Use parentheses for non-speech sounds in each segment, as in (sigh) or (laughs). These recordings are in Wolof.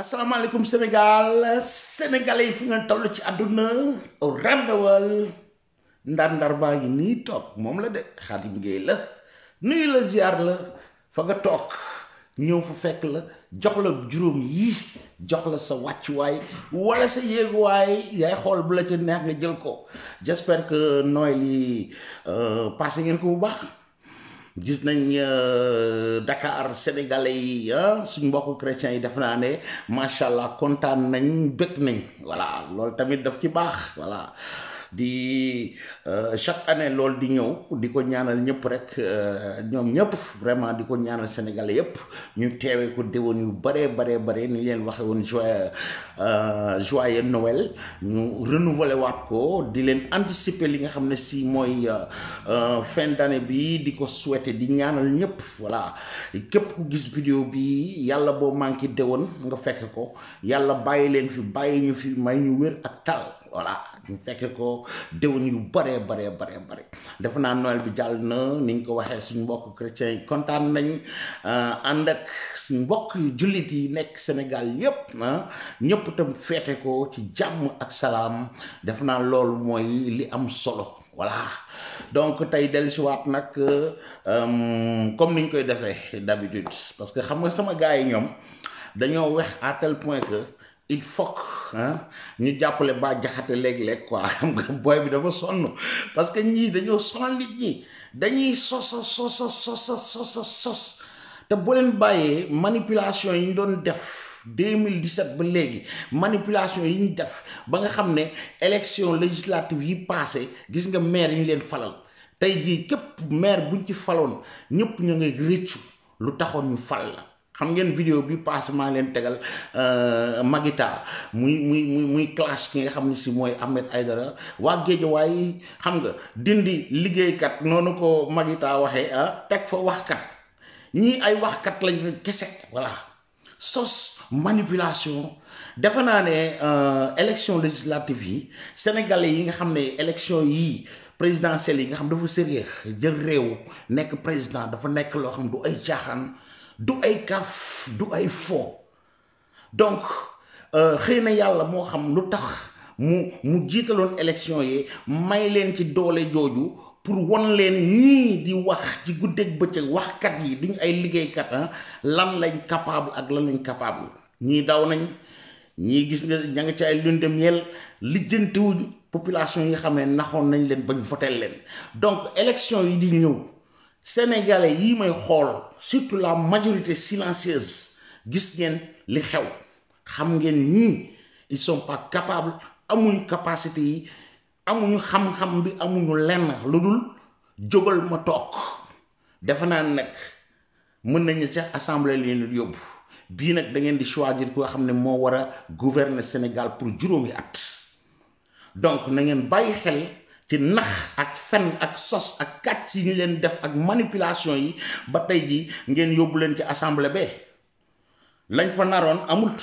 asalaamaaleykum Sénégal sénégalais yi fu ngeen toll ci àdduna around the ndar ndar baa ngi nii toog moom la de Khadim Gueye la nuyu la ziar la fa nga toog ñëw fa fekk la jox la juróom yii jox la sa wàccuwaay wala sa yéeguwaay yaay xool bu la ci neex nga jël ko j'espère que Noël yi euh, passé ngeen ko bu baax gis nañ euh, Dakar sénégalais yi ah, suñ mbokku chrétiens yi def naa ne macha allah kontaan nañ bëgg nañ voilà loolu tamit daf ci baax voilà. di euh, chaque année loolu di ñëw di ko ñaanal ñëpp rek euh, ñoom ñëpp vraiment di ko ñaanal Sénégalais yëpp ñu teewee ko déwoon yu baree baree bare ni leen waxe woon joyeux joyeux Noël ñu renouveler waat ko di leen anticiper li nga xam ne si mooy euh, fin d'année bi di ko souhaiter di ñaanal ñëpp voilà képp ku gis vidéo bi yàlla boo manqué déwoon nga fekk ko yàlla bàyyi leen fi bàyyi ñu fi may ñu wér ak tal voilà ñu fekke ko déwén yu baree baree baree bare defe naa Noël bi jàll na ni ñu ko waxee suñu mbokk chrétiens yi kontaan nañ euh, ànd ak suñ mbokk jullit yi nekk Sénégal yépp ah, ñëpp tam feete ko ci jàmm ak salaam defe naa loolu mooy li am solo voilà donc tey dellusiwaat nag euh, comme ni ñu koy defee d'habitude parce que xam nga sama gars yi ñoom dañoo wex à point que il faut hein, ñu jappalé ba jaxate les lég quoi (laughs) xam nga bi dafa nous parce que ñi dañoo sonal nit ñi dañuy sos sos sos sos te Nous manipulation yi ñu doon def 2017 ba manipulation yi ñu def ba nga xamné élection législative yi passé gis nga maire ñu len falal tay Nous képp maire buñ ci nous ñëpp ñu ngi lu ñu xam ngeen vidéo bi passé maa leen tegal euh, Magita muy muy muy muy ki nga xam ne si mooy Ahmed Aïdara waa Géejawaay xam nga dindi liggéeykat noonu ko Magita waxee ah, teg fa waxkat ñii ay waxkat lañ kese voilà sos manipulation defe naa ne euh, élection législative yi sénégalais yi nga xam ne élection yii présidentielles yi nga xam dafa sérieux jël réew nekk président dafa nekk loo xam du ay jaaxaan du ay kaf du ay fo donc euh, xëy na yàlla moo xam lu tax mu mu jiitaloon élection yi may leen ci doole jooju pour won leen ñii di wax ci guddeeg bëccëg waxkat yi duñ ay liggéeykat ah, lan lañ capable ak lan lañ capable ñii daw nañ ñii gis nga ña nga ci ay lune de miel lijjantiwuñ population yi nga xam ne naxoon nañ leen bañ votel leen donc élection yi di ñëw sénégalais yii may xool surtout la majorité silencieuse gis ngeen li xew xam ngeen ñii ils sont pas capables amuñu capacité yi amuñu xam-xam bi amuñu lenn lu dul jógal ma toog defe naa nag mën nañu ca assemblée leen yóbbu bii nag da ngeen di choisir koo xam ne moo war a gouverner Sénégal pour juróomi at donc na ngeen bàyyi xel. ci nax ak fen ak sos ak kàcc si ñu leen def ak manipulation yi ba tey ji ngeen yóbbu leen ci assemblée be lañ fa naroon amut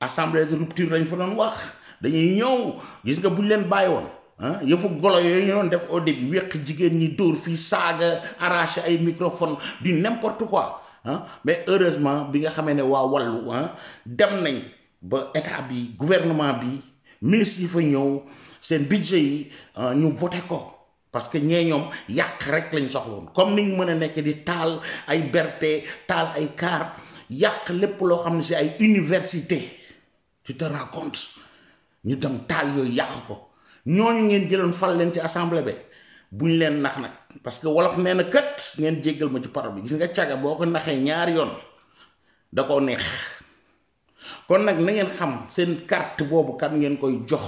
assemblée de rupture lañ fa doon wax dañuy ñëw gis nga buñ leen bàyyi woon ah, yëfu golo yooyu ñu def au début weq jigéen ñi dóor fii saaga arraché ay microphone du n'importe quoi ah. mais heureusement bi nga xamee ne waa wàllu ah, dem nañ ba état bi gouvernement bi ministre yi fa ñëw seen budget yi euh, ñu voté ko parce que ñee ñoom yàq rek lañ soxla woon comme niñ mën a nekk di taal ay berte taal ay car yàq lépp loo xam ne si ay université tu te rends ñu dem taal yooyu yàq ko ñooñu ngeen jëloon fal leen ci assemble bi buñ leen nax nag parce que wolof nee na kët ngeen jéggal ma ci parole bi gis nga caga boo ko naxee ñaari yoon da koo neex kon nak na ngeen xam seen carte boobu kan ngeen koy jox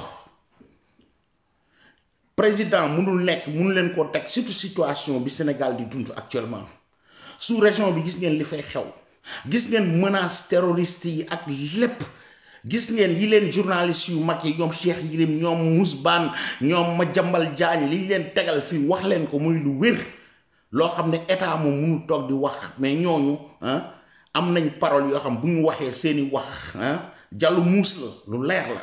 président mënul nekk mënu leen ko teg surtout situation bi Sénégal di dund actuellement sous région bi gis ngeen li fay xew gis ngeen menace terroriste yi ak lépp gis ngeen yi leen journaliste yu mag yi ñoom Cheikh Yérim ñoom Mousbaan ñoom jambal Diagne li leen tegal fi wax leen ko muy lu wér loo xam ne état moom mënul toog di wax mais ñooñu ah am nañ parole yoo xam bu ñu waxee seeni wax ah jàllu muus la lu leer la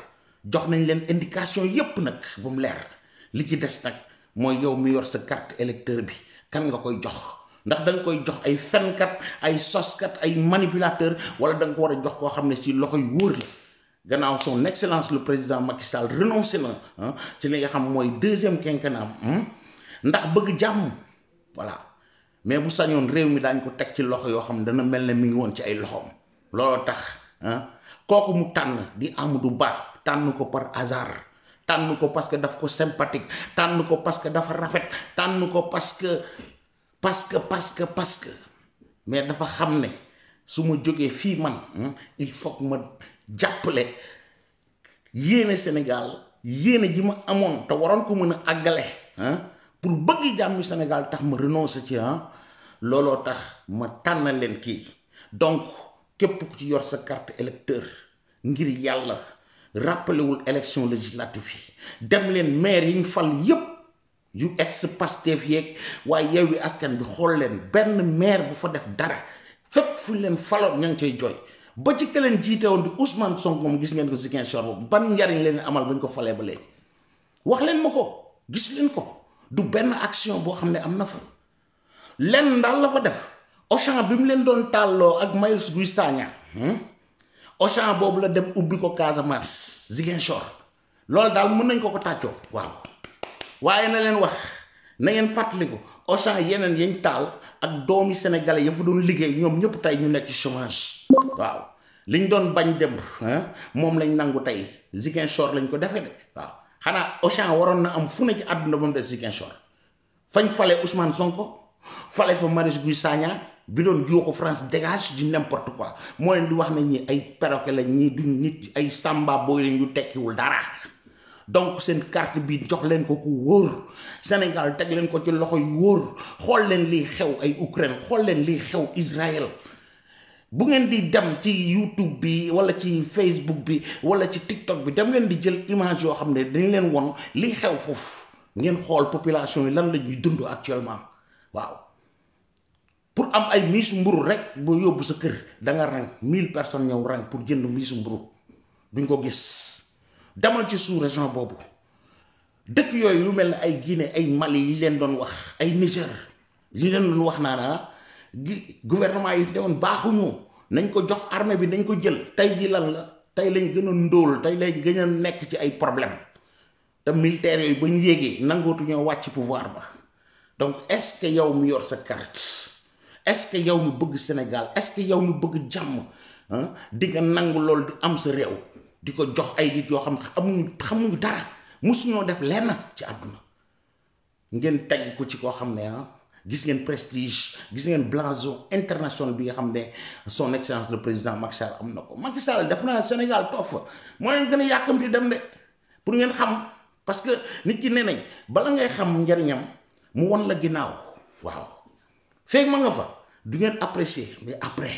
jox nañ leen indication yépp nag bu mu leer li ci des nag mooy yow mi yor sa carte électeur bi kan nga koy jox ndax da nga koy jox ay fenkat ay soskat ay manipulateur wala da nga ko war a jox koo xam ne si la gannaaw son excellence le président Macky Sall renoncé na ci li nga xam mooy deuxième quinquennat ndax bëgg jàmm voilà mais bu sañon rew mi dañ ko tek ci loxo yo xam dana melni mi ngi won ci ay loxom lolo tax ah, koku mu tan di amadou ba tan ko par hasard tan ko parce que daf ko sympathique tan ko parce que dafa rafet tan ko parce que parce que parce que parce que mais dafa xamne suma joge fi man hmm, il faut ma jappelé yéene sénégal yéene ji ma amoon te ko meuna a hein pour bëgg jàmmi sénégal tax ma renoncer ci hein looloo tax ma tànnal leen kii donc képp ku ci yor sa carte électeur ngir yàlla rappelewul élection législative yi dem leen maire yi ñu fal yëpp yu ex Pastef yeeg waaye Yewwi Askan bi xool leen benn maire bu fa def dara fépp fu leen faloon ña ngi cay jooy ba ci leen jiite woon di Ousmane Sonko moom gis ngeen ko Ziguinchor boobu ban njariñ leen amal bañ ko falee ba léegi wax leen ma ko gis leen ko du benn action boo xam ne am na fa lenn daal la fa def Auchan bi mu leen doon tàlloo ak Mayus Guy Sagna hmm? Auchan boobu la dem ubbi ko Casamance Ziguinchor loolu daal mën nañ ko ko tàccoo waaw waaye na leen wax na ngeen fàttaliku Auchan yeneen yañ taal ak doomi sénégale ya fa doon liggéey ñoom ñëpp tey ñu nekk ci chômage waaw liñ doon bañ dem moom lañ nangu tey Ziguinchor lañ ko defee de waaw xanaa Auchan waroon na am fu ne ci àdduna ba mu des Ziguinchor fañ fale Ousmane Sonko. fale fa Marius Guy Sagna bi doon juuxu France dégage di n'importe quoi moo leen di wax ne ñi ay perroquet lañ ñi duñ nit ay samba booy lañ yu tekkiwul dara donc seen carte bi jox leen ko ku wóor Sénégal teg leen ko ci loxo yu wóor xool leen liy xew ay Ukraine xool leen liy xew Israël bu ngeen di dem ci YouTube bi wala ci Facebook bi wala ci TikTok bi dem leen di jël image yoo xam ne dañ leen woon liy xew foofu ngeen xool population yi lan la ñuy dund actuellement waaw pour am ay miss mburu rek bo yobbu sa keur da nga rang 1000 personnes ñew rang pour jënd miss mburu duñ ko gis damal ci sous région bobu dekk yoy yu mel ay Guinée ay Mali yi leen doon wax ay Niger yi leen doon wax nana ah, gouvernement yi ne woon ñu nañ ko jox armée bi nañ ko jël tay ji lan la tay lañ gëna a tay lay gëna nekk ci ay problème te militaire yooyu ba ñu nangotu ñoo wacc pouvoir ba donc est-ce que yow mi yor sa carte est-ce que yow mi bëgg Sénégal est-ce que yow mi bëgg hein di nga nang lool di am sa réew diko jox ay nit yo xam amuñu xamuñu dara musuñoo def lenn ci aduna ngeen tegg ko ci ko xamné ne gis ngeen prestige gis ngeen blason international bi nga xam ne son excellence le président Macky Sall am na ko Macky Sall def na Sénégal toog Mo moo leen gën a yàkkamti dem de pour ngeen xam parce que nit ki nee nañ bala ngay xam njariñam mu wan la ginnaaw waaw feeg ma nga fa du ngeen apprécier mais après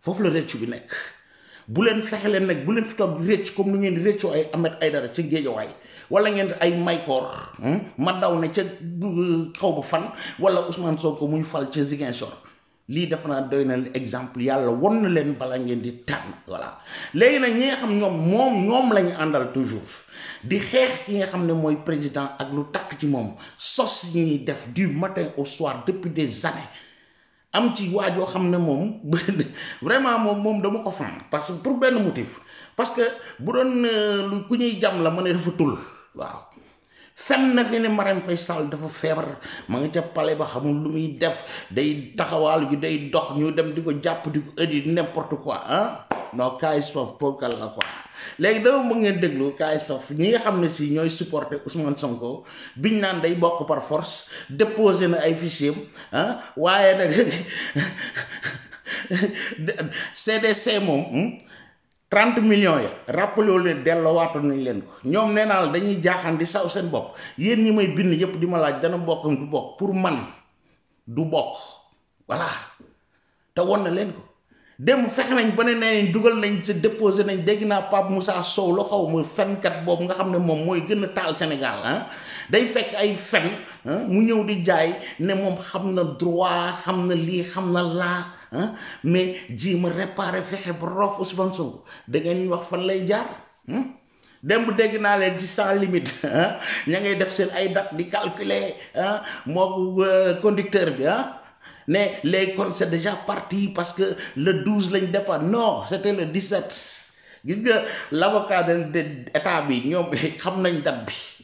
foofu la rëcc bi nekk bu leen fexe leen nag bu leen fi toog rëcc comme lu ngeen di rëccoo ay dara Aïdara ca Géejawaay wala ngeen ay Maykoor hmm? ma daw ne ca xaw euh, ba fan wala Ousmane Sonko muy fal ca Ziguinchor lii dafa naa doy na exemple yàlla won na leen bala ngeen di tànn voilà léegi nag ñi nga xam ñoom moom ñoom la ñu àndal toujours di xeex ki nga xam ne mooy président ak lu takk ci moom sos yi ñuy def du matin au soir depuis des années am ci waajoo xam ne moom (laughs) vraiment moom moom dama ko fan parce que pour benn motif parce que bu doon euh, lu ku ñuy jam la ma ne dafa tul waaw fen na fi ne Marème Faye Sall dafa feebar ma nga ca pale ba xamul lu muy def day taxawaal ju day dox ñu dem di ko jàpp di ko ëddi n'importe quoi ah non kaayis foofu pookal la quoi léegi dama mu ngeen déglu kaayis foofu ñi nga xam ne si ñooy supporter Ousmane Sonko biñ naan day bokk par force déposé na ay fichier ah waaye nag CDC (laughs) moom hmm? trente millions ya rappeloo leen delloowaatu nañ leen ko ñoom nee naa la dañuy jaaxaan di saw seen bopp yéen ñi may bind yëpp di ma laaj dana bokkam du bokk pour man du bokk voilà te won na leen ko démb fexe nañ ba ne nee dugal nañ sa déposé nañ dégg naa Pape Moussa Sow la xaw ma fenkat boobu nga xam ne moom mooy gën a taal Sénégal ah. day fekk ay fen ah, mu ñëw di jaay ne moom xam na droit xam na lii xam na laa mais ji ma réparé fexe ba rof Ousmane Sonko da ngeen ñu wax fan lay jaar démb dégg naa leen ci sans limite ña (laughs) ngay def seen ay date di calculer moo euh, conducteur bi ah ne les kon c'est déjà parti parce que le 12 lañ départ non c'était le 17 gis nga l'avocat de état bi ñoom (laughs) xam nañ date bi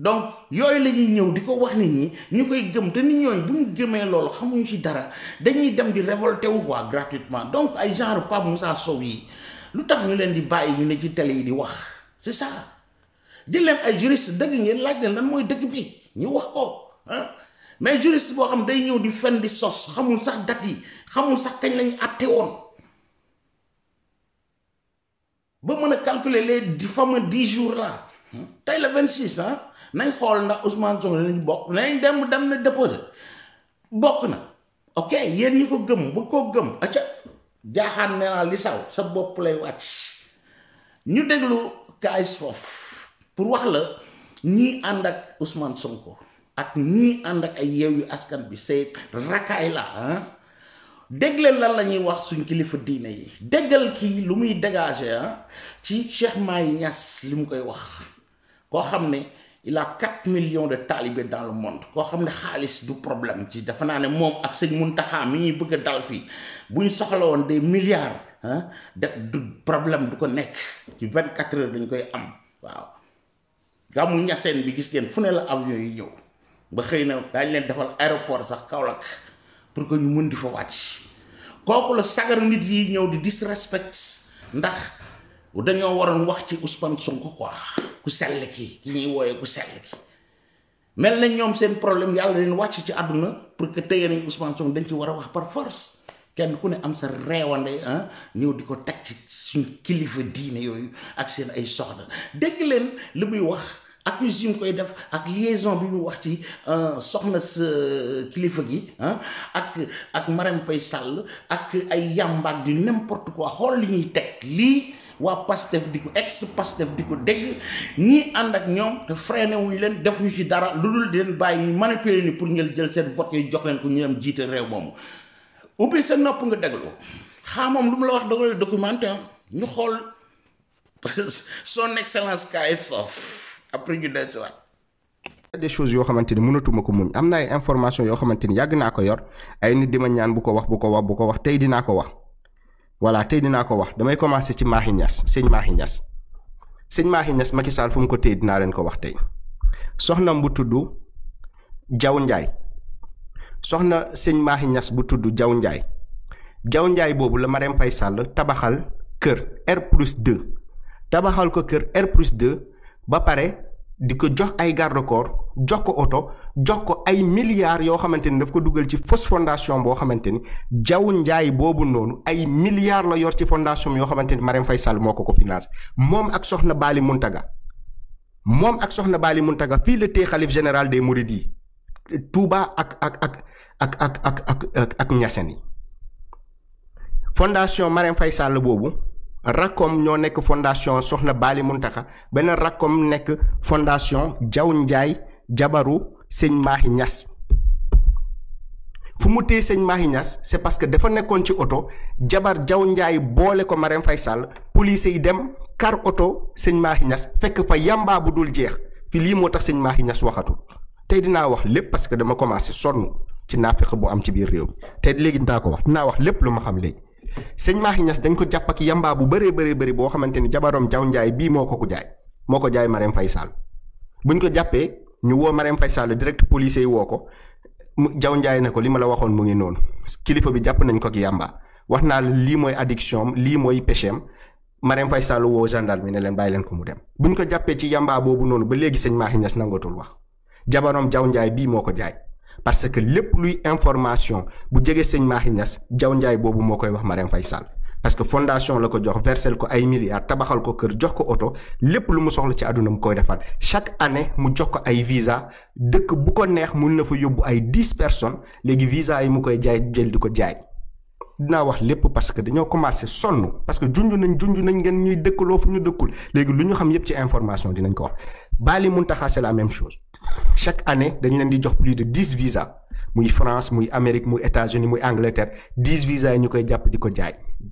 donc yooyu la ñuy ñëw di ko wax nit ñi ñu koy gëm te nit ñooñu bu ñu gëmee loolu xamuñu ci dara dañuy dem di révolté wu quoi gratuitement donc ay genre Pape Moussa Sow yi lu tax ñu leen di bàyyi ñu ne ci télé yi di wax c'est ça jël leen ay juriste dëgg ngeen laaj leen lan mooy dëgg bi ñu wax ko ah mais juriste boo xam day ñëw di fen di sos xamul sax dat yi xamul sax kañ lañu atté woon ba mën a calculer les fameux jours là tey la 26 six nañ xool ndax Ousmane Sonko lañ bokk nañ dem dem na déposé bokk na ok yéen ñi ko gëm bu ko gëm acca jaaxaan nee naa li saw sa bopp lay wàcc ñu déglu kaayis foofu pour wax la ñii ànd ak Ousmane Sonko ak ñii ànd ak ay yu askan bi say rakaay la ah dégleen lan la ñuy wax suñ kilifa diine yi déggal ki lu muy dégagé ah ci Cheikh Mahi Niass li koy wax koo il a 4 millions de talibés dans le monde ko xamné khalis du problème ci dafa nané mom ak seigne muntaha mi bëgg dal fi buñ soxla won des milliards hein du problème du ko nek ci 24 heures dañ koy am waaw gamu ñassen bi gis ngeen fune la avion yi ñew ba xeyna dañ leen defal aéroport sax kaolak pour que ñu mënd di fa wacc koku la sagar nit yi ñew di disrespect ndax dañu waron wax ci Ousmane Sonko quoi ku sel ki ki ñi woyé ya, ku sel ki mel na ñom seen problème yalla leen wacc ci aduna pour que tëye nañ Ousmane Sonko dañ ci wara wax par force kenn ku ne am sa reewande hein eh, ñëw di tek ci suñu kilifa diiné yoyu ak seen ay soxna dégg leen li muy wax accuse koy def ak liaison bi muy wax ci eh, soxna ce eh, kilifa gi ah ak ak Marème fay Sall ak ay di n'importe quoi xol li ñuy tek li wa pastef diko ex pastef diko deg ni and ak ñom te freiné wuñ len def ñu ci dara ludul di len bay ñu manipuler ni pour ngeen jël sen vote yi jox len ko ñu am jité rew mom ubbi sa nopp nga deglu xamam mu la wax dogal documenté ñu xol (laughs) son excellence kaif of après ñu del ci wat des choses yo xamanteni mënatuma ko muñ amna ay information yo xamanteni yag na ko yor ay nit dima ñaan bu ko wax bu ko wax bu ko wax tay dina ko wax voilà tey dinaa ko wax damay commencer ci Mahi Niass sëñ Mahi Niass sëñ Mahi Niass Macky Sall fu mu ko téye dinaa leen ko wax tey soxnam bu tudd Diaw Ndiaye soxna sëñ Mahi ñas bu tudd Diaw Ndiaye Diaw Ndiaye boobu la Marème Faye Sall tabaxal kër R plus 2 tabaxal ko kër R plus 2 ba pare di ko jox ay garde jox ko oto jox ko ay milliards yoo xamante ni daf ko dugal ci fausse fondation boo xamante ni jaww njaay boobu noonu ay milliards la yor ci fondation yoo xamante ni Marème Faye Sall moo ko ko financé moom ak soxna Baali Muntaga moom ak soxna Baali Muntaga fii la tee xalif général des Mourides yi Touba ak ak ak ak ak ak ak yi fondation Marème boobu rakkom ñoo nekk fondation soxna Baali Muntaga beneen rakkom nekk fondation Jaw Njaay jabaru sëñ Mahi ñas fu mu téye sëñ Mahi Niass c'est parce que dafa nekkoon ci oto jabar jaw njaay boole ko Marème Faye Sall police yi dem kar oto sëñ Mahi Niass fekk fa yambaa bu dul jeex fi lii moo tax sëñ Mahi Niass waxatu tey dinaa wax lépp parce que dama commencé sonn ci naafiq bu am ci biir réew mi tey léegi dinaa ko wax dinaa wax lépp lu ma xam léegi sëñ Mahi Niass dañ ko jàpp ak yambaa bu bëree bëree bëri boo xamante ni jabaroom jaw njaay bii moo ko ko jaay moo ko jaay Marème Faye Sall ñu woo Marème Faye Sall direct policier yi woo ko Jaw Njaay ne ko li ma la waxoon mu ngi noonu kilifa bi jàpp nañ ko ak yàmba wax naa lii mooy addiction lii mooy péché am Marème Faye woo gendarme bi ne leen bàyyi leen ko mu dem buñ ko jàppee ci yàmba boobu noonu ba léegi sëñ Mahi Niass nangatul wax jabaram Jaw Njaay bii moo ko jaay parce que lépp luy information bu jege sëñ Mahi Niass Jaw Njaay boobu moo koy wax Marème Faye Sall parce que fondation la ko jox versel ko ay milliards tabaxal ko keur jox ko auto lepp lu mu soxla ci àdduna mu koy defal chaque année mu jox ko ay visa deuk bu ko neex mun na fa yóbbu ay 10 personnes léegi visa yi mu koy jaay jël diko jaay dina wax lepp parce que dañoo commencé sonu parce que junj nañ junj nañ ngeen ñuy dëkkaloo fu ñu dëkkul léegi lu ñu xam yépp ci information dinañ ko wax Bali muntaha c'est la même chose chaque année dañ leen di jox plus de 10 visas muy France muy Amérique muy États-Unis muy Angleterre 10 visas yi ñu koy jàpp di jaay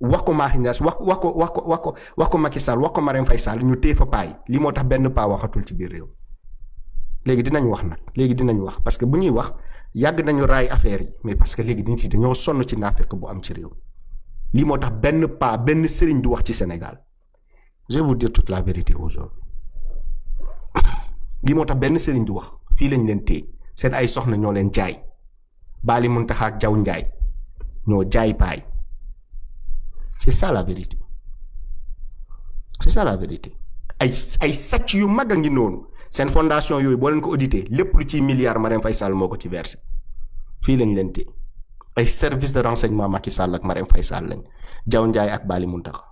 wako ma wako wako wako wako wako wax ko wax ko wax ñu téye fa paay lii ben tax pa waxatul ci biir réew légui dinañ wax nak légui dinañ wax parce que buñuy wax yag nañu ray affaire mais parce que légui nit ci dañoo sonn ci naafeq bu am ci réew li motax ben pa ben serigne du wax ci Sénégal je vais vous dire toute la vérité aujourd'hui li motax ben serigne du wax fi lañ leen té sen ay soxna ñoo leen jaay ak Jaw ñoo jaay c'est ça la vérité c'est ça la vérité ay ay sàcc yu c'est une fondation yooyu boo leen ko auditer lépp lu ciy milliard Marème Faye Sall moo ci versé fii lañ leen téye ay service de renseignement Macky Sall ak Marème Faye Sall lañ Diaw Ndiaye ak Bali Mountakha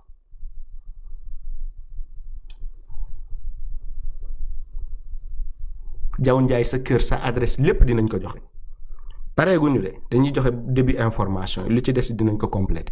Diaw sa cœur, sa adresse lépp dinañ ko joxe pareeguñu de dañuy joxe début information li ci des dinañ ko complété.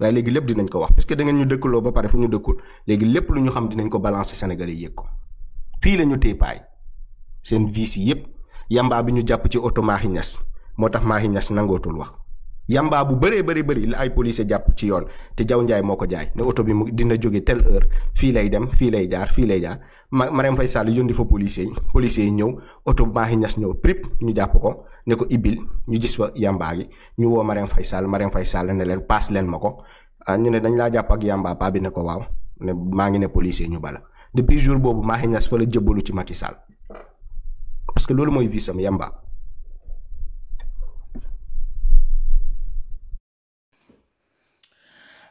waaye léegi lépp dinañ ko wax puisque da ñu dëkkaloo ba pare fu ñu dëkkul léegi lépp lu ñu xam dinañ ko balancer Sénégalais yëg ko fii la ñu téepaay seen vies yi yëpp yambaa bi ñu jàpp ci oto Mahi Niass moo tax Mahi Niass nangootul wax. yamba bu beri bëri bëri la ay police japp ci yoon te jaw nday moko jaay ne auto bi dina joge telle heure fi lay dem fi lay jaar fi lay jaar ma marem fay sall yóndi fa police yi policier yi ñëw oto ñas prip ñu japp ko ne ko ibil ñu gis fa yamba gi ñu wo marem fay sall marem fay sall ne len pass len mako ah, ñu ne dañ la japp ak yamba pa bi ne ko waaw ne ma ngi ne police ñu bala depuis jour boobu maaxi ñas fa la jëbbalu ci makissal parce que moy vie sam yamba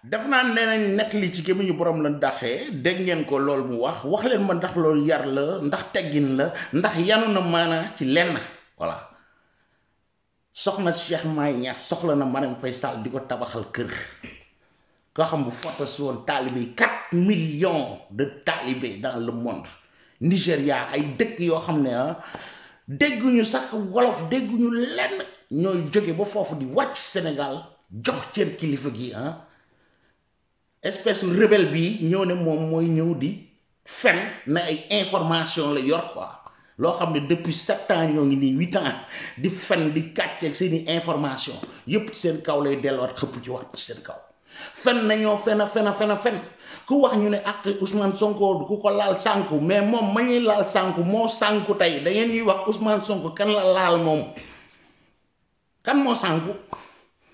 def naa nee nañ li ci gémmiñu boroom la daxee dégg ngeen ko lool mu wax wax leen ma ndax loolu yar la ndax teggin la ndax yanu na maanaa ci lenn voilà soxna Cheikh Maye ñax soxla na ma Marème Faye Sall di ko tabaxal kër koo xam bu fotas woon taalibe quatre millions de talibé dans le monde Nigéria ay dëkk yoo xam ne ah dégguñu sax wolof dégguñu lenn ñooy jóge ba foofu di wàcc senegal jox cër kilifa gi ah espèce rebelle bii ñoo ne moom mooy ñëw di fen na ay information la yor loo xam ne depuis sept ans ñoo ngi nii huit ans di fen di kàcceeg seeni information yépp ci seen kaw lay delluwaat xëpp ci waat ci seen kaw fen nañoo fen a fen a fen ku wax ñu ne ak Ousmane Sonko ku ko laal sànku mais moom ma ñuy laal sànku moo sànku tey da ngeen ñuy wax Ousmane Sonko kan la laal moom kan moo sànku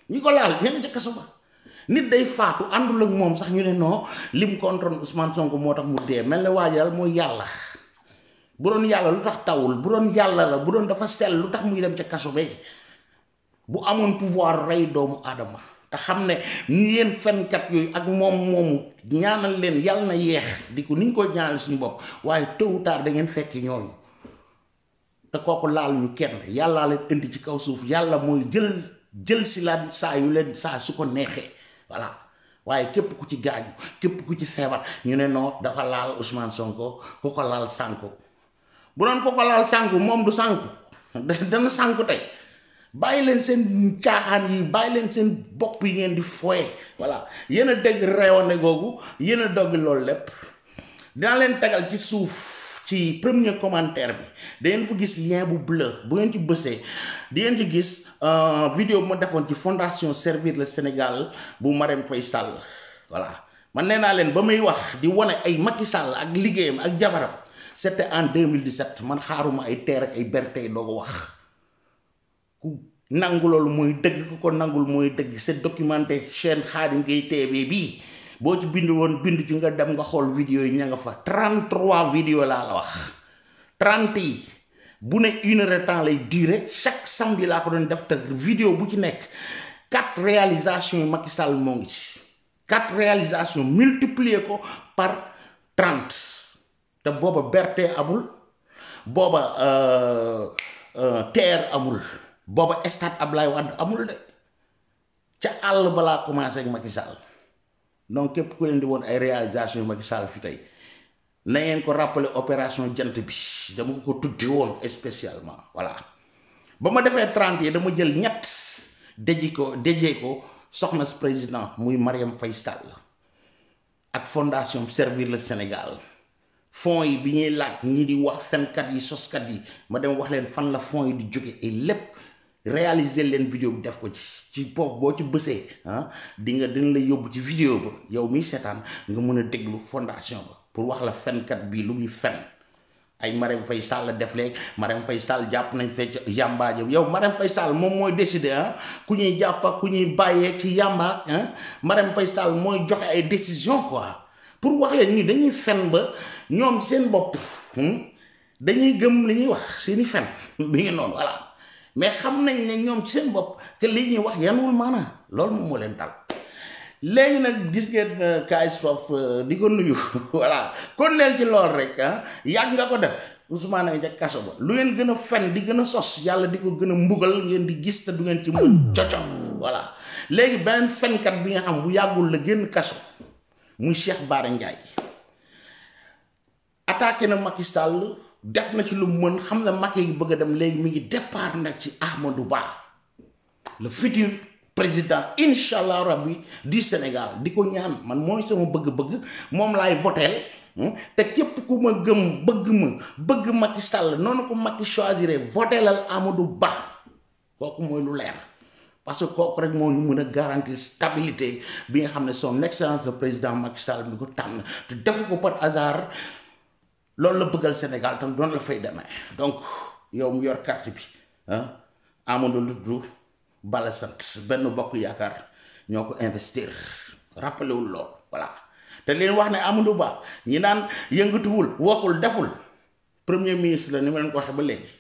ñi ko laal ña nga ca nit day faatu àndul ak moom sax ñu ne noo lim kontoon Ousmane Sonko moo tax mu dee mel ne waa mooy yàlla bu doon yàlla lu tax tawul bu doon yàlla la bu doon dafa sell lu tax muy dem ca kaso ba bu amoon pouvoir rey doomu aadama te xam ne ñi yéen fenkat yooyu ak ñaanal leen yàlla na yeex di ko ni ñu koy suñu bopp waaye tôt ou tard da ngeen fekk ñooñu te kooku laal ñu kenn yàllaa leen indi ci kaw suuf yàlla mooy jël jël si laan saa yu leen saa su ko neexee voilà waaye képp ku ci gaañu képp ku ci feebar ñu ne non dafa laal Ousmane Sonko ku ko laal sànku bu doon ku ko laal sànku moom du sànku (laughs) dana sànku tey bàyyi leen seen caaxaan yi bàyyi leen seen bopp yi ngeen di foye voilà yéen a dégg googu yéen a loolu lépp dinaa leen tegal ci suuf ci premier commentaire bi da ngeen fu gis lien bu bleu bu ngeen ci bësee di ngeen ci gis euh vidéo bu ma defoon ci fondation servir le Sénégal bu marem Faye Sall voilà man néna len bamay wax di woné ay Macky Sall ak ligéyam ak jabaram c'était en 2017 man xaruma ay teer ak ay berté doo ko wax ku nangul loolu moy deug ko nangul moy deug c'est documenté chaîne Khadim Gueye TV bi boo ci bind woon bind ci nga dem nga xool vidéo yi ñu nga fa 33 vidéo laa la wax 30 yi bu ne une temps lay durer chaque samedi laa ko doon def te vidéo bu ci nekk quatre réalisation yu Macky Sall moo ngi ci quatre réalisations multiplier ko par 30 te booba berte amul booba euh, euh, terre amul booba stade Ablaye Wade amul de ca àll balaa commencé ak donc képp ku leen di woon ay réalisation yu Macky Sall fi tey na ngeen ko rappeler opération jant bi dama ko ko tuddi woon espécialement voilà ba ma defee trente yi dama jël ñett déji ko déjee ko soxna président muy Mariam Faye Sall ak fondation Servir le Sénégal fonds yi bi ñuy laaj ñii di wax fenkat yi soskat yi ma dem wax leen fan la fonds yi di jóge et lépp réaliser leen vidéo bi def ko ci ci poof boo ci bësee ah di nga dina la yóbbu ci vidéo ba yow miy seetaan nga mun a déglu fondation ba pour wax la fenkat bii lu muy fen ay Marème Faye Sall def léegi Marème Faye Sall jàpp nañ fecc yàmbaa yow Marème Faye Sall moom mooy décider ah ku ñuy jàpp ku ñuy bàyyee ci yàmbaa ah Marème Faye Sall mooy joxe ay décision quoi pour wax leen ni dañuy fen ba ñoom seen bopp hmm, dañuy gëm li ñuy wax seeni fen bi (laughs) ngi noonu voilà mais xam nañ ne ñoom ci seen bopp que li ñuy wax yanwul maanaa loolu moom moo leen tal léegi nag gis ngeen euh, Kayz Fof euh, di ko nuyu (laughs) voilà kon leen ci lool rek ah, yàgg nga ko def Ousmane nga ca kaso ba lu ngeen gën a fen di gën a sos yàlla di ko gën a mbugal ngeen di gis te du ngeen ci mu coco voilà léegi beneen fenkat bi nga xam bu yàggul la génn kaso muy Cheikh Bara Ndiaye attaqué na Macky Sall def na ci lu mën xam ne Macky yi bëgg a dem léegi mi ngi départ nag ci Amadou baax le futur président incha allah rabbi du Sénégal di ko ñaan man mooy sama bëgg-bëgg moom laay voteel hmm? te képp ku ma gëm bëgg ma bëgg Macky Sall noonu ko Macky choisiré voteelal Amadou baax kooku mooy lu leer parce que kooku rek moo ñu mën a garantir stabilité bi nga xam ne son excellence le président Macky Sall mi ko tànn te defu ko par hasard loolu la bëggal Sénégal tam doon la fay demee donc yow mu yor carte bi ah lu Luddu Bala sant benn bokk yaakaar ñoo ko investir rappelé wul lool voilà te leen wax ne Amadou Ba ñi naan yëngatuwul waxul deful premier ministre la ni ma leen ko waxee ba léegi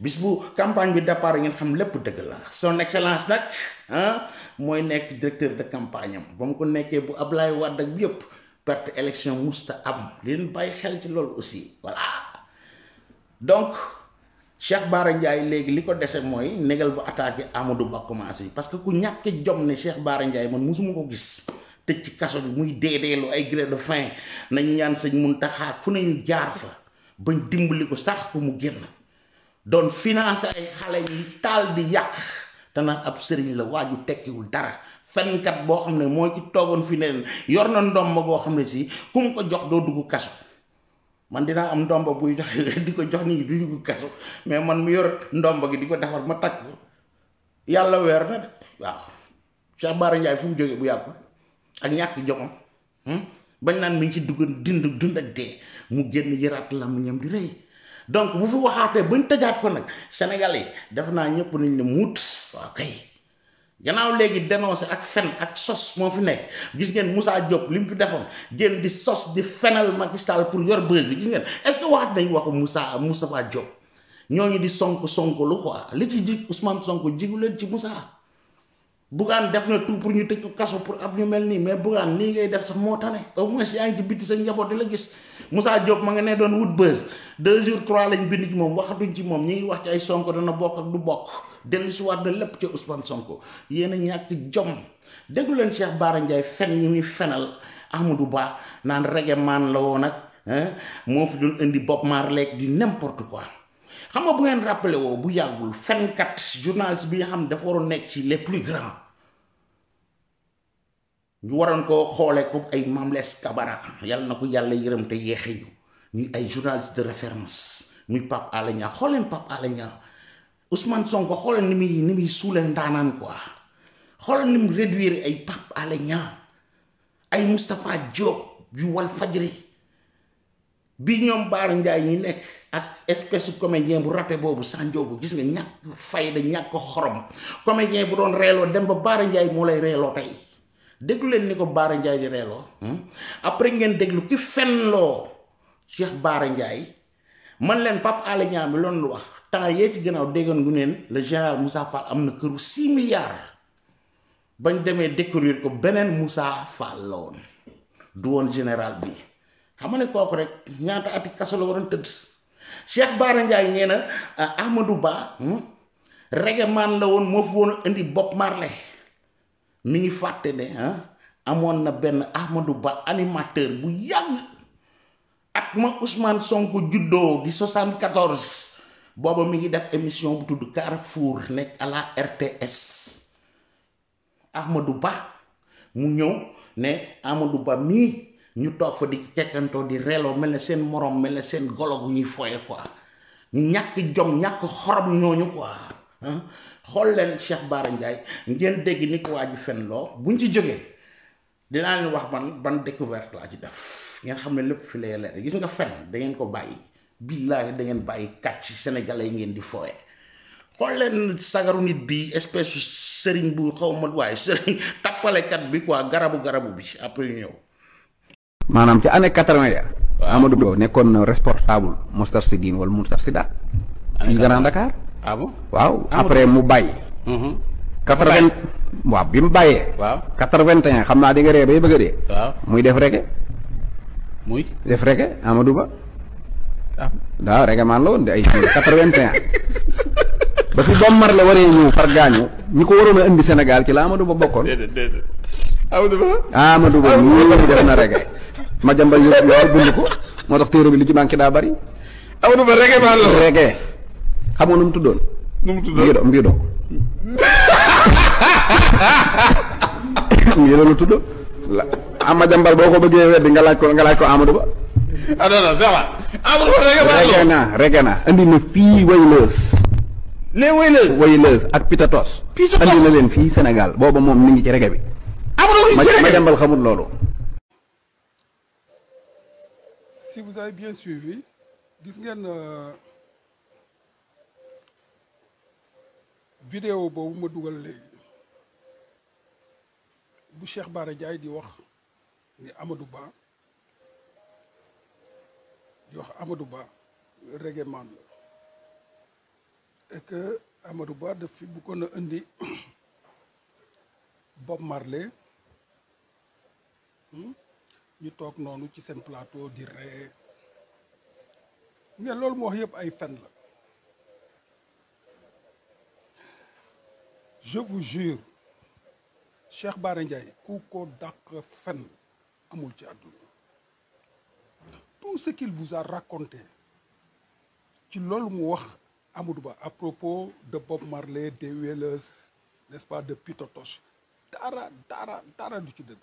bis bu campagne bi départ ngeen xam lépp dëgg la son excellence nag ah mooy nekk directeur de campagne am ba mu ko nekkee bu ab lay Wade ak bi yëpp. perte élection musta am li ñu bàyyi xel ci loolu aussi voilà donc Cheikh Bara Ndiaye léegi li ko dese mooy négal bu attaque Amadou Ba commencé parce que ku ñàkk jom ne Cheikh Bara Ndiaye man musuma ko gis tëj ci kaso bi muy deedeelu ay gré de fin nañ ñaan sëñ Muntaxa fu nañu jaar fa bañ dimbali ko sax ko mu génn doon financé ay xale yi taal di yàq te nag ab sëriñ la waaju tekkiwul dara fenkat boo xam ne moo ci togon fi neen yor na ndom bo xamne ci si kum ko jox do duggu kasso man dina am ndomba buy jox (laughs) di ko jox ni ñi du dugg kaso mais man mu yor ndomba gi di ko ma tag yalla wer na de waaw Cheikh Bara ndjay fu mu jógee bu yàggul ak ñàkk hmm bañ nan mi ci duggu dind dund ak de mu génn lam ñam di reey donc bu fi waxate bañ tejaat ko nak sénégalais def na ñepp ni ne wa waaw kay gannaaw léegi dénoncé ak fen ak sos moo fi nekk gis ngeen Moussa Diop li mu fi defoon génn di sos di fenal Macky pour yor bës bi gis ngeen est-ce que waxat nañ waxu Moussa Moustapha Diop ñooñu di sonk sonk lu quoi li ci jig Ousmane Sonko jigu leen ci Moussa Bukan def na tout pour ñu tëj ko kaso pour ab ñu mel mais bugan ni ngay def sax mo tane au moins yaa ngi ci biti sax njaboot dila gis Moussa Diop ma nga ne doon wut bës deux jours trois lañ bind ci moom waxatuñ ci mom ñi ngi wax ci ay Sonko dana bok ak du bok delu ci na Ousmane Sonko ñak jom déglu len Cheikh Bara Ndiaye fen yi muy fenal Amadou Ba nan reggae man la nak hein mo fi doon indi Bob Marley di n'importe quoi xam nga bu ngeen rappelé woo bu yàggul fenkat journaliste bi nga xam dafa waroon nekk ci les plus grands ñu waroon ko xoole ko ay Mamles Kabara yàlla na ko yàlla yërëm te yeexe ñu ñuy ay journaliste de référence muy Pape alagna Niang xooleen Pape Alé Ousmane Sonko xooleen ni muy ni muy suule ndaanaan quoi xooleen ni mu réduire ay Pape alagna ay mustapha Diop yu wal fajri bi ñom baara nday ñi nek ak espèce comédien bu bobu sanjo bu gis nga ñak fay da ñak xorom comédien bu doon reeloo dem ba baara nday mo lay reeloo tay deglu len ni ko baara njaay di reeloo hmm? après ngeen deglu ki fenlo cheikh baara nday man len pap ala ñam bi loon wax ta ye ci gënaaw déggoon gu neen le général Moussa Fall amna keuru 6 milliards bañ démé découvrir ko benen Moussa Fall la du won général bi xamane koku korek rek ñaata ati kaso la waron teud Cheikh Bara ndjay nee na ah, Amadou Ba hmm, rege man la won mo fu indi Bob Marley mi ngi né hein ah, amoon na ben Amadou Ba animateur bu yag at ma Ousmane Sonko juddo di 74 bobo mi ngi def émission bu tuddu Carrefour nek à la RTS ahmadou Ba mu ñew ne Amadou Ba mi ñu tok fa di cekkantoo di relo mel sen morom mel sen seen golo gu ñuy foye quoi ñak jom ñak xorom ñoñu quoi xol leen cheikh bara ndjay ngeen ni ko waji fen lo, buñ ci joge dinaa leen wax ban ban découverte la ci def ngeen xamne lepp fi lay leer gis nga fen da ngeen ko bayyi billahi da ngeen bayyi katch sénégalais ngeen di foye xol leen sagaru nit bi espèce serigne bu xawma way serigne sëriñ (laughs) kat bi quoi garabu garabu bi après ñew maanaam ci année quatre-vingt ya Amadou Ba nekkoon responsable Moustarchidine wala Moustarchidaat ci Grand Dakar ah bon waaw après mu bàyyi mm-hmm. quatre-vingt waaw bi mu bàyyee waaw quatre vingt xam naa di nga ree bay bëgg a dee muy def reggae muy def reggae Amadou Ba ah waaw reggae man la woon de ay (laughs) quatre-vingt-un ba fi Bob Marley waree ñëw far gaañu ñi ko waroon a indi Sénégal ci laa Amadou Ba bokkoon Amadou Ba Amadou Ba ñu def na reggae ma jàmbal yëpp lool bind ko moo tax téere bi li ci manqué daa bari. amuñu fa reggae ba la reggae. xam nga nu mu tuddoon. nu mu tuddoon mbiido mbiido. (laughs) mbiido la tudd. ama boo ko bëggee weddi nga laaj ko nga laaj ko Amadou Ba. ah non non ça naa reggae naa andi na fii wayleus. les wayleus wayleus ak Pitatos. Pitatos na leen fii Sénégal booba moom mi ngi ci reggae bi. Amadou ma loolu. avez bien suivi gis une euh, vidéo pour ma Boucher dit Cheikh Barre di et que Amadou Ba de (coughs) Bob Marley hmm? ñu toog nous ci plateau di ne loolu mu wax yëpp ay fen la je vous jure Cheikh Bara Ndiaye ku ko dàq fen amul ci àdduna tout ce qu'il vous a raconté ci loolu mu wax Amadou Ba à propos de Bob Marley des Wailers n'est-ce pas de Pitotoche dara dara dara du ci dëgg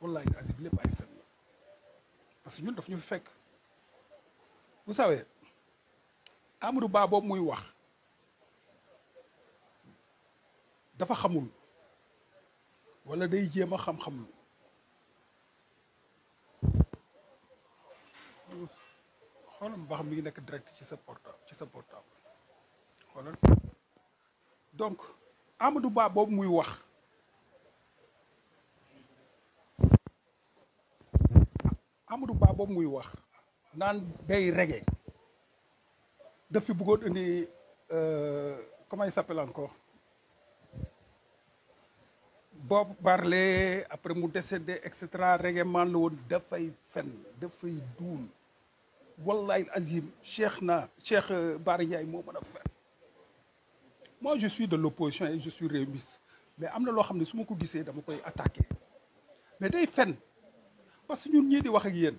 wallahi azib lépp ay fen la parce que ñun daf ñu fekk vous savez Amadou Ba boobu muy wax dafa xamul walla day jéem a xam-xam lu xoolal ba mi nekk direct ci sa portable sa portable xoolal donc Amadou Ba boobu muy wax Amadou Ba boobu muy wax. naan day reggae daf fi bëggoon indi euh, comment il s'appelle encore Bob Marley après mu décédé et cetera reggae man la woon dafay fen dafay duul wallahi azim Cheikh na Cheikh euh, Bara Ndiaye moo mën a fen moi je suis de l'opposition et je suis réuniste mais am na loo xam ne su ma ko gisee dama koy attaqué mais day fen parce que ñun ñii di wax ak yéen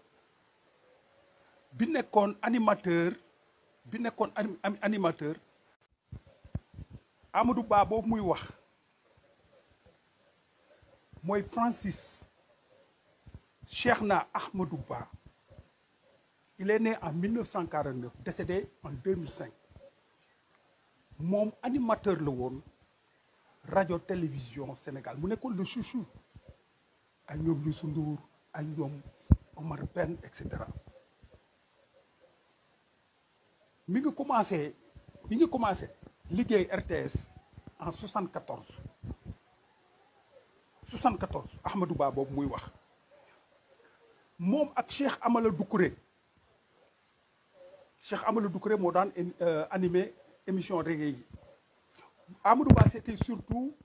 bi nekkoon animateur bi nekkoon animateur Amadou Ba boobu muy wax mooy Francis Cheikhna Ahmadou Ba il est né en 1949 décédé en 2005 moom animateur la woon radio télévision Sénégal mu nekkoon le chouchou ak ñoom Youssou Ndour ak Omar Ben, etc mi ngi commencé mi ngi commencé liggéey RTS en 74 74 Ahmadou Ba boobu muy wax moom ak Cheikh Amala Doucouré Cheikh Amala Doucouré moo daan euh, animé émission reggae yi Amadou Ba c'était surtout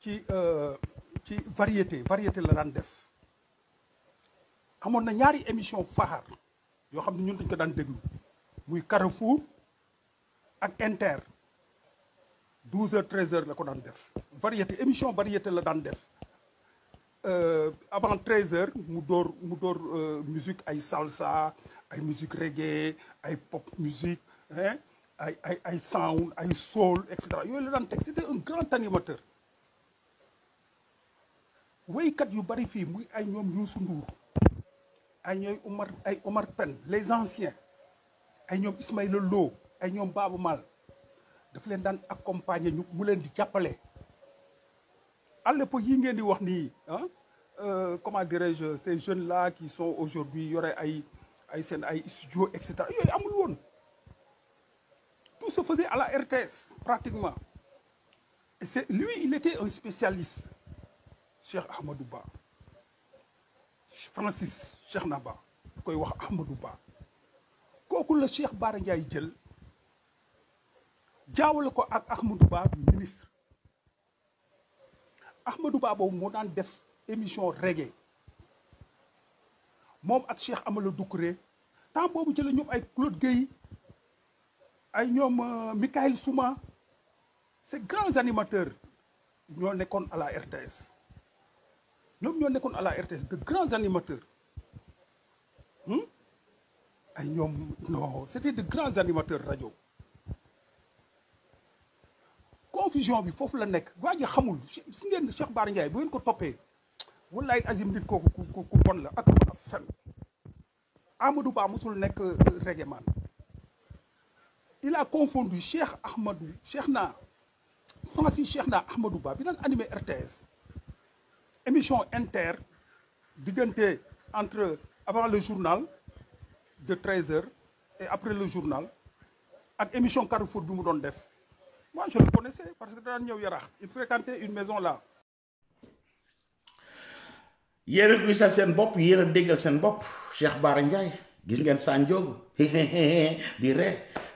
ci euh, ci variété variété la daan def amoon na ñaari émission faar yoo xam ne ñun dañ ko daan déglu muy Carrefour ak Inter 12 h 13 h la ko dan def variété émission variété la dan def euh, avant 13 h mu dor mu door euh, musique ay salsa ay musique reggae ay pop musique hein ay ay ay sound ay soul et cetera la dan tek c'était un grand animateur kat yu bari fi muy ay ñom Youssou Ndour ay ñoy Omar ay Omar Pen les anciens ils ont Ismaïla Lo ay ñom babu Mal daf leen daan accompagner ñu mu leen à yi ngeen di ah, euh, comment dirais-je ces jeunes là qui sont aujourd'hui yoré ay ay ay studio etc. tout se faisait à la RTS pratiquement et c'est lui il était un spécialiste Cheikh Ahmadou Francis Cheikh Naba koy wax Ahmadou quand le Cheikh Bara Ndiaye djel jaawale ko ak Ahmadou Ba ministre Ahmadou Ba boobu moo def émission reggae mom ak Cheikh Amala Doucouré temps ci la ñoom ay Claude Guèye ay ñoom euh, Michael Souma ces grands animateurs ñoo nekkoon à la RTS ñoom ñoo nekkoon à la RTS de grands animateurs non c'était de grands animateurs radio. confusion bi foofu la nekk waa ji xamul si ngeen Cheikh Bara Ndiaye bu ngeen ko toppee wallaay azim nit kooku ku ku bon la ak a Amadou Ba musul nekk euh, il a confondu Cheikh Ahmadou Cheikh na Francis Cheikh na Ahmadou Ba bi daan animé RTS émission inter diggante entre avant le journal de 13h et après le journal ak émission Carrefour du mu def moi je le connaissais parce que daan ñëw il fréquentait une maison là. Hier a gisal seen bopp yéen a déggal seen bopp Cheikh Bara Ndiaye gis ngeen (laughs) di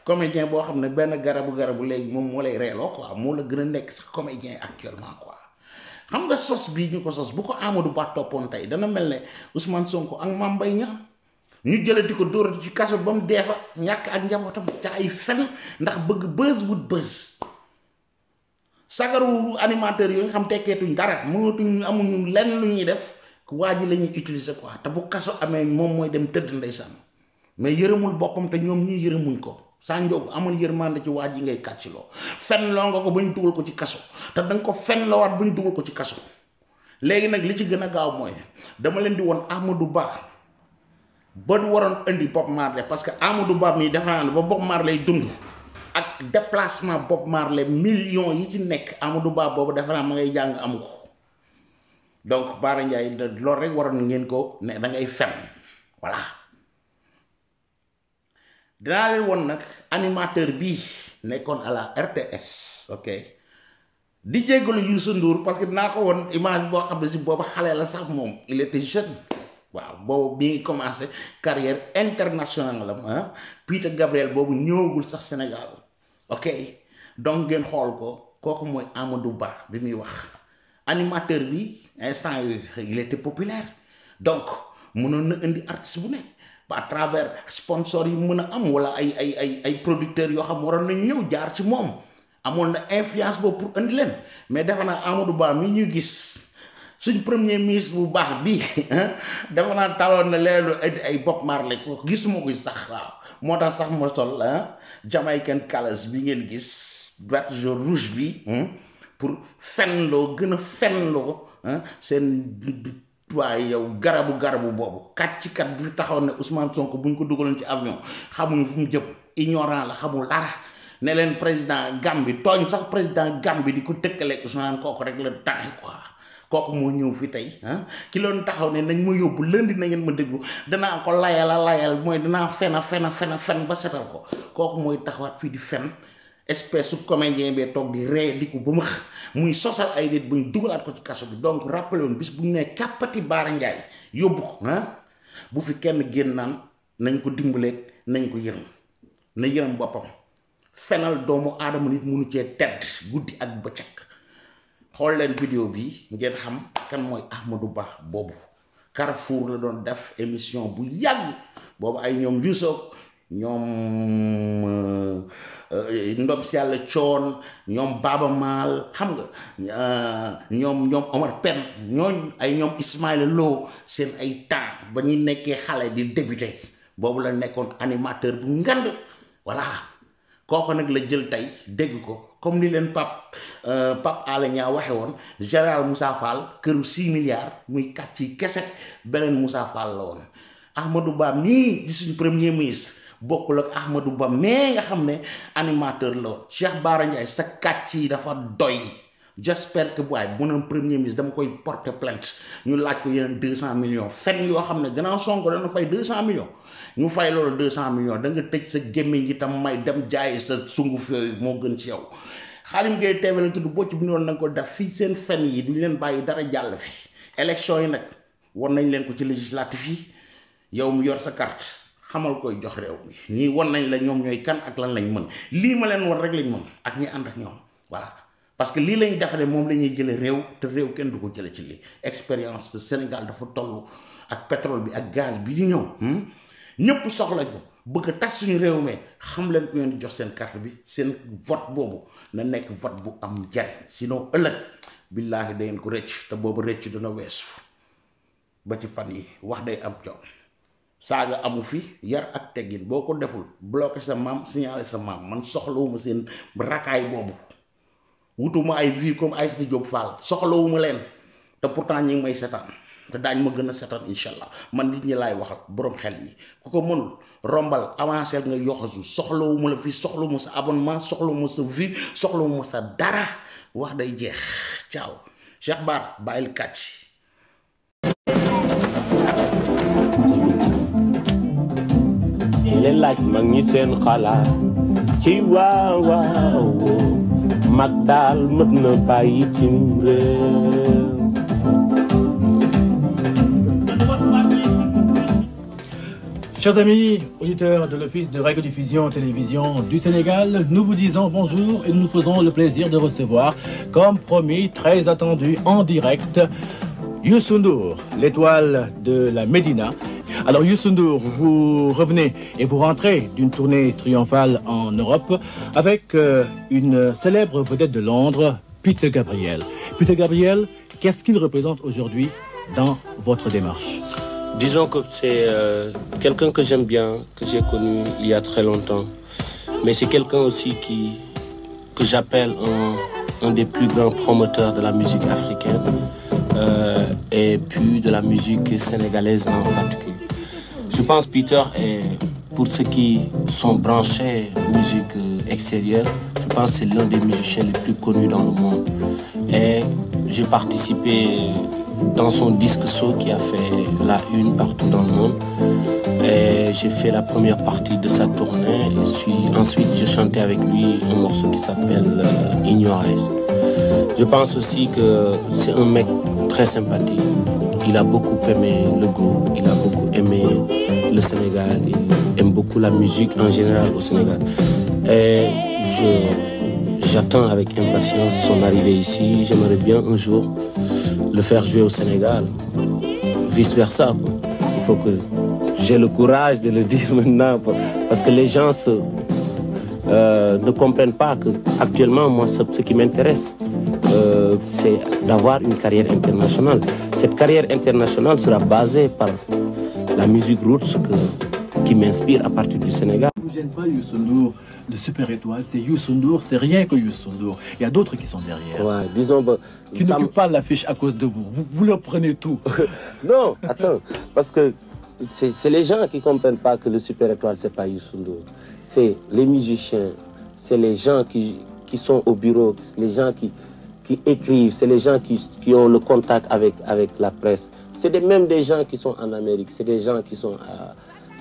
comédien bo xamné ne garabu garabu légui mom mo lay rélo quoi mo la gëna nek sax comédien actuellement quoi. xam nga sos bi ñu ko sos bu ko Amadou Ba toppoon tey dana mel Ousmane Sonko ak Mame ñu jëlati ko dóorati ci kaso ba mu dee fa ñàkk ak njabootam ca ay fen ndax bëgg bës wut bës sagaru animateur yooyu nga xam tekkeetuñ dara mënatuñ amuñu lenn lu ñuy def waa ji lañuy ñuy ko quoi te bu kaso amee moom mooy dem tëdd ndeysaan mais yërëmul bokkam te ñoom ñii yërëmuñ ko sànjoogu amul yërmande ci waa ji ngay kàcc loo fen loo nga ko ba ñu dugal ko ci kaso te danga ko fen loowaat ba ñu dugal ko ci kaso léegi nag li ci gën a gaaw mooy dama leen di woon Amadou Ba ba du waroon indi Bob Marley parce que Amadou bab mi dafa naan ba Bob Marley dund ak déplacement Bob Marley millions yi ci nek Amadou bab bobu dafa ma ngay jang amu donc Bara ndjay da loolu rek waron ngeen ko ne da ngay fem voilà dinaa leen woon animateur bi nekkoon ala RTS ok di jéggalu Youssou Ndour parce que dina ko won image bo xamné ci si xalé la sax mom il était jeune waaw boobu bi ngi commencé carrière internationale hein? ah Peter Gabriel boobu ñëwagul sax Sénégal ok donc ngeen xool ko kooku mooy Amadou Ba bi muy wax animateur bi instant il était populaire donc mënoon na indi artiste bu ne à travers sponsor yi mën a am wala ay ay ay ay producteurs yoo xam waroon nañ ñëw jaar ci moom amoon influence boobu pour indi leen mais defe naa Amadou Ba mi ñu gis. suñ premier ministre bu baax bi dafa naa ne taloon na leelu ay Bob Marley ko gisuma ko sax waaw moo tax sax ma sol Jamaican colors bi ngeen gis vert rouge bi pour fenloo gën a fenloo seen waaye yow garabu garabu boobu kat ci kat bi taxaw ne Ousmane Sonko buñ ko dugaloon ci avion xamuñ fu mu jëm ignorant la xamul dara ne leen président Gambie tooñ sax président Gambie di ko tëkkaleeg Ousmane kooku rek la tane quoi. kok mo ñew fi tay ah ki loon taxaw ne nañ ma yobbu lendi na ngeen ma déglu dana ko layal layal moy dana fena fena fena fen ba setal ko kooku moy taxawat fi di fen espèce comédien bee tok di ré di ko ba muy sosal ay nit buñ dugulat ko ci kasso bi donc rappelé won bis buñ ne capati baara ndjay yobbu ko ah, bu fi kenn génn naan nañ ko dimbulé nañ ko yërm na yërm bopam fenal doomu adam nit munu ci tedd guddi ak bëccëg xool leen vidéo bi ngeen xam kan mooy Ahmadou baax boobu Carrefour la doon def émission bu yàgg boobu ay ñoom Youssou ñoom euh, euh, Ndom si yàlla coon ñoom Baba xam nga euh, ñoom ñoom Omar Pen ñooñ ay ñoom Ismaïla Lo seen ay temps ba ñuy nekkee xale di débuté boobu la nekkoon animateur bu ngand voilà kooku nag la jël tey dégg ko comme ni leen Pape euh, Pape Alé Niang waxe woon général Moussa Fall këru 6 milliards muy kat ci kese beneen Moussa Fall la woon Ahmadou Ba mii di suñ premier ministre bokkul ak Ahmadou Ba mais nga xam ne animateur la woon Cheikh Bara Ndiaye sa kat yi dafa doy j'espère que waaye bu noon premier ministre dama koy porter plainte ñu laaj ko yeneen 200 millions fen yoo xam ne gannaaw Sonko dana fay 200 millions mu fay loolu deux cent millions da nga tëj sa gémmiñ tam may dem jaay sa sunguf yooyu moo gën ci yow xaalim Gaye TV la tudd bocc bu ñu woon nañ ko def fii seen fen yi duñu leen bàyyi dara jàll fi élection yi nag won nañ leen ko ci législatif yi yow mu yor sa carte xamal koy jox réew nii won nañ la ñoom ñooy kan ak lan lañ mën lii ma leen war rek lañ mën ak ñi ànd ak ñoom voilà parce que lii lañ defalee moom la ñuy jëlee réew te réew kenn du ko jëlee ci lii expérience Sénégal dafa toll ak pétrole bi ak gaz bi di ñëw hmm? ñëpp soxla ko bëgg tas suñu réew mi xam leen ku ngeen jox seen carte bi seen vote boobu na nekk vote bu am njariñ sinon ëllëg billahi da ngeen ko rëcc te boobu rëcc dana weesu ba ci fan yi wax day am coow saaga amu fi yar ak teggin boo ko deful bloqué sa mam signalé sa mam man soxlawuma seen rakaay boobu wutuma ay vie comme ay Aïssatou Diop Fall soxlawuma leen te pourtant ñi may setan te daañ ma gën a setaan incha man nit ñi laay waxal borom xel yi ku ko mënul rombal avancé nga yoxasu soxlawuma la fii soxlawuma sa abonnement soxlawuma sa vie soxlawuma sa dara wax day jeex caaw Cheikh Bara bàyyil kàcc leen laaj mag ñi seen xalaat ci waaw mag daal mën na bàyyi cim réew Chers amis, auditeurs de l'Office de radiodiffusion télévision du Sénégal, nous vous disons bonjour et nous nous faisons le plaisir de recevoir, comme promis, très attendu en direct, Youssou l'étoile de la Médina. Alors Youssou vous revenez et vous rentrez d'une tournée triomphale en Europe avec euh, une célèbre vedette de Londres, Peter Gabriel. Peter Gabriel, qu'est-ce qu'il représente aujourd'hui dans votre démarche Disons que c'est euh, quelqu'un que j'aime bien, que j'ai connu il y a très longtemps. Mais c'est quelqu'un aussi qui, que j'appelle un, des plus grands promoteurs de la musique africaine euh, et puis de la musique sénégalaise en particulier. Je pense Peter est, pour ceux qui sont branchés musique euh, extérieure, je pense que c'est l'un des musiciens les plus connus dans le monde. Et j'ai participé dans son disque saut qui a fait la une partout dans le monde. Et j'ai fait la première partie de sa tournée. Et ensuite, je chantais avec lui un morceau qui s'appelle euh, Ignores Je pense aussi que c'est un mec très sympathique. Il a beaucoup aimé le groupe, il a beaucoup aimé le Sénégal, il aime beaucoup la musique en général au Sénégal. Et j'attends avec impatience son arrivée ici. J'aimerais bien un jour le faire jouer au Sénégal. Vice-versa. Il faut que j'ai le courage de le (laughs) dire maintenant. Parce que les gens euh, ne comprennent pas que actuellement, moi, ce, qui m'intéresse, euh, c'est d'avoir une carrière internationale. Cette carrière internationale sera basée par la musique roots que qui m'inspire à partir du Sénégal. Je ne gêne pas Youssou Ndour de Super Étoile, c'est Youssou c'est rien que Youssou Il y a d'autres qui sont derrière. Ouais, disons bah, n'occupent pas l'affiche à cause de vous. Vous, vous leur prenez tout. (laughs) non, attends, parce que c'est les gens qui ne comprennent pas que le Super Étoile, n'est pas Youssou C'est les musiciens, c'est les gens qui, sont au bureau, les gens qui, qui écrivent, c'est les gens qui, ont le contact avec, avec la presse. C'est même des gens qui sont en Amérique, c'est des gens qui sont à,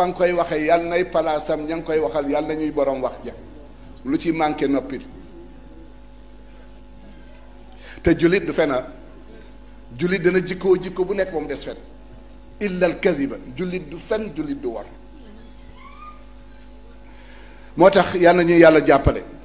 fa nga koy waxee yàlla nay palaasam ña koy waxal yàlla nañuy borom wax ja lu ci manqué noppi te jullit du fena ah. jullit dana jikkoo jikko bu nekk moom des fen illal kadiba jullit du fen jullit du war moo tax yàlla na ñuy yàlla jàppale